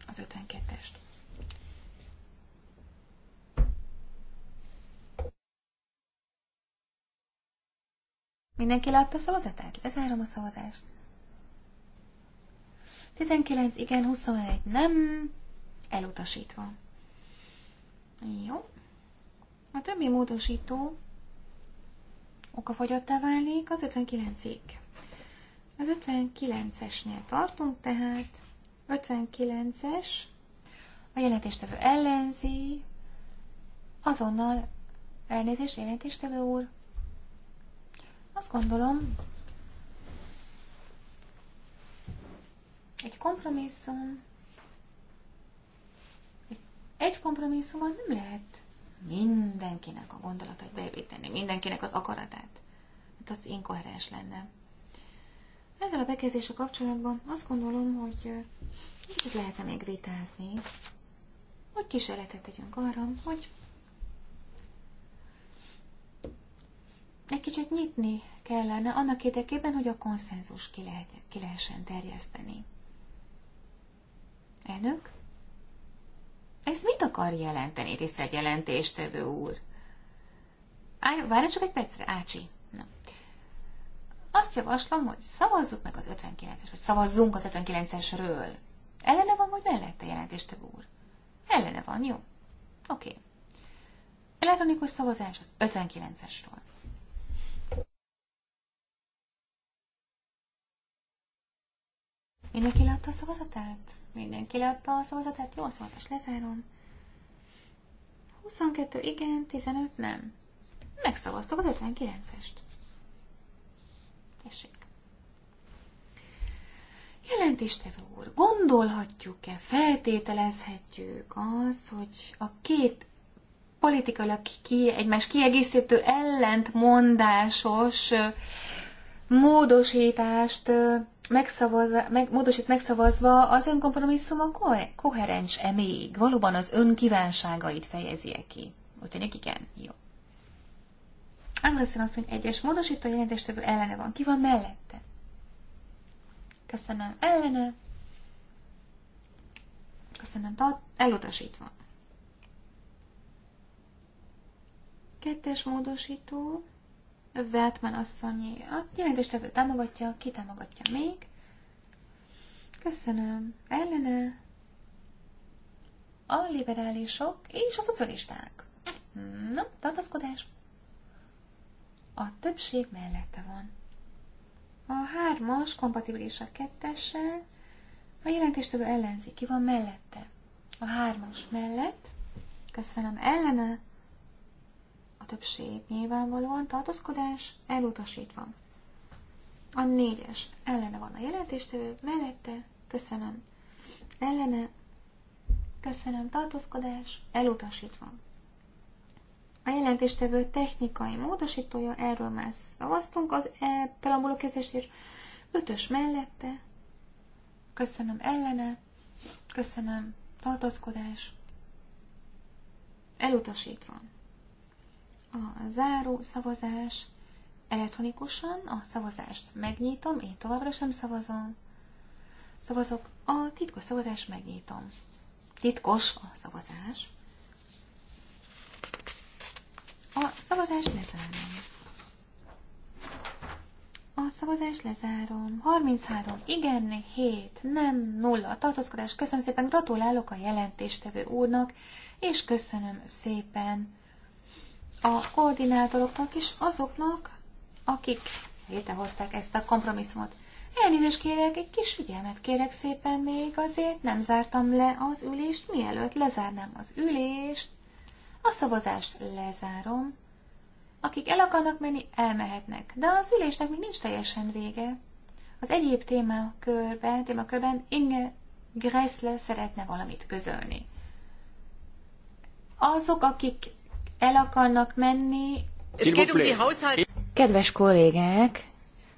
az 52-est. Mindenki látta a szavazatát? Lezárom a szavazást. 19 igen, 21 nem, elutasítva. Jó. A többi módosító okafogyottá válik az 59-ig. Az 59-esnél tartunk, tehát 59-es, a jelentéstevő ellenzi, azonnal elnézést, jelentéstevő úr. Azt gondolom, egy kompromisszum, egy kompromisszumot nem lehet mindenkinek a gondolatait beépíteni, mindenkinek az akaratát. Hát az inkoherens lenne. Ezzel a bekezdéssel kapcsolatban azt gondolom, hogy kicsit lehetne még vitázni, hogy kísérletet tegyünk arra, hogy egy kicsit nyitni kellene annak érdekében, hogy a konszenzus ki, lehet, ki lehessen terjeszteni. Elnök? Ez mit akar jelenteni, tisztelt jelentéstevő úr? Várj csak egy percre, Ácsi. Na. Azt javaslom, hogy szavazzuk meg az 59-es, vagy szavazzunk az 59-esről. Ellene van, vagy mellette jelentéstevő úr? Ellene van, jó. Oké. Okay. Elektronikus szavazás az 59-esről. Mindenki látta a szavazatát? Mindenki látta a szavazatát? Jó, a szavazás lezárom. 22 igen, 15 nem. Megszavaztuk az 59-est. Tessék. Jelentéstevő úr, gondolhatjuk-e, feltételezhetjük az, hogy a két politikailag ki, egymás kiegészítő ellentmondásos módosítást megszavazva, meg, módosít megszavazva az önkompromisszum a koherens-e még? Valóban az ön kívánságait fejezi -e ki? Úgy tűnik, igen. Jó. Anderson azt mondja, egyes módosító jelentéstevő ellene van. Ki van mellette? Köszönöm. Ellene. Köszönöm. Tart. Elutasítva. Kettes módosító. Veltman asszonyi. A jelentéstevő támogatja, ki támogatja még? Köszönöm. Ellene a liberálisok és a szocialisták. Na, tartaszkodás. A többség mellette van. A hármas kompatibilis a kettessel, a jelentéstevő ellenzi, ki van mellette. A hármas mellett, köszönöm, ellene, többség nyilvánvalóan tartózkodás elutasítva. A négyes ellene van a jelentéstevő, mellette köszönöm. Ellene köszönöm tartózkodás elutasítva. A jelentéstevő technikai módosítója, erről már szavaztunk, az e preambulókezésért ötös mellette, köszönöm ellene, köszönöm tartózkodás, elutasítva a záró szavazás elektronikusan, a szavazást megnyitom, én továbbra sem szavazom. Szavazok, a titkos szavazást megnyitom. Titkos a szavazás. A szavazást lezárom. A szavazást lezárom. 33 igen, 7 nem, 0 a tartózkodás. Köszönöm szépen, gratulálok a jelentéstevő úrnak, és köszönöm szépen a koordinátoroknak is azoknak, akik létrehozták ezt a kompromisszumot. Elnézést kérek, egy kis figyelmet kérek szépen még, azért nem zártam le az ülést, mielőtt lezárnám az ülést. A szavazást lezárom. Akik el akarnak menni, elmehetnek, de az ülésnek még nincs teljesen vége. Az egyéb témakörben, témakörben Inge Gressle szeretne valamit közölni. Azok, akik el akarnak menni. Kedves kollégák,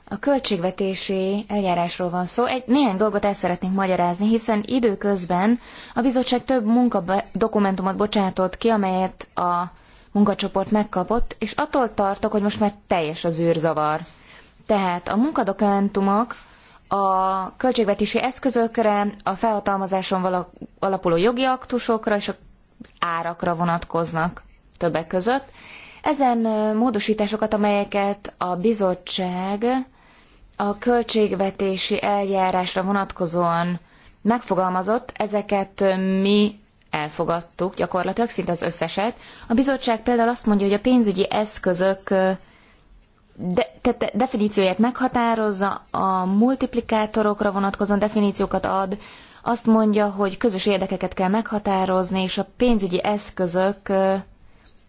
a költségvetési eljárásról van szó. Egy néhány dolgot el szeretnénk magyarázni, hiszen időközben a bizottság több munkadokumentumot bocsátott ki, amelyet a munkacsoport megkapott, és attól tartok, hogy most már teljes az űrzavar. Tehát a munkadokumentumok a költségvetési eszközökre, a felhatalmazáson alapuló jogi aktusokra és az árakra vonatkoznak többek között. Ezen módosításokat, amelyeket a bizottság a költségvetési eljárásra vonatkozóan megfogalmazott, ezeket mi elfogadtuk gyakorlatilag, szinte az összeset. A bizottság például azt mondja, hogy a pénzügyi eszközök de, de, de, definícióját meghatározza, a multiplikátorokra vonatkozóan definíciókat ad, azt mondja, hogy közös érdekeket kell meghatározni, és a pénzügyi eszközök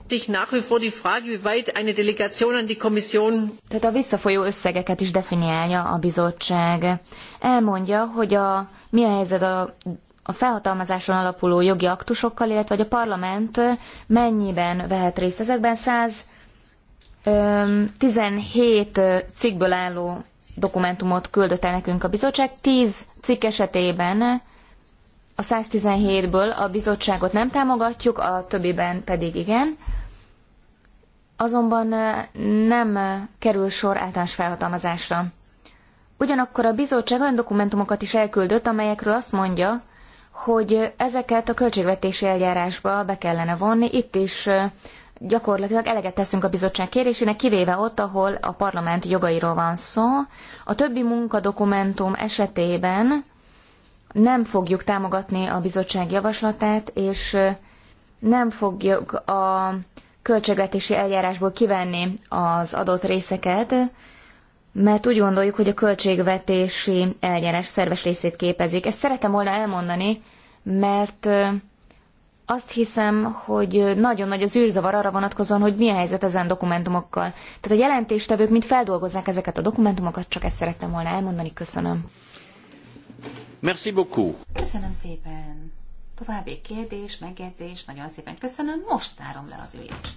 sich nach wie vor die Frage, wie weit eine Delegation an die Kommission. Tehát a visszafolyó összegeket is definiálja a bizottság. Elmondja, hogy a, mi a helyzet a a felhatalmazáson alapuló jogi aktusokkal, illetve hogy a parlament mennyiben vehet részt ezekben. 117 cikkből álló dokumentumot küldött el nekünk a bizottság. 10 cikk esetében a 117-ből a bizottságot nem támogatjuk, a többiben pedig igen azonban nem kerül sor általános felhatalmazásra. Ugyanakkor a bizottság olyan dokumentumokat is elküldött, amelyekről azt mondja, hogy ezeket a költségvetési eljárásba be kellene vonni. Itt is gyakorlatilag eleget teszünk a bizottság kérésének, kivéve ott, ahol a parlament jogairól van szó. A többi munkadokumentum esetében nem fogjuk támogatni a bizottság javaslatát, és nem fogjuk a költségvetési eljárásból kivenni az adott részeket, mert úgy gondoljuk, hogy a költségvetési eljárás szerves részét képezik. Ezt szeretem volna elmondani, mert azt hiszem, hogy nagyon nagy az űrzavar arra vonatkozóan, hogy mi a helyzet ezen dokumentumokkal. Tehát a jelentéstevők mind feldolgozzák ezeket a dokumentumokat, csak ezt szerettem volna elmondani. Köszönöm. Merci beaucoup. Köszönöm szépen további kérdés, megjegyzés, nagyon szépen köszönöm, most zárom le az ülést.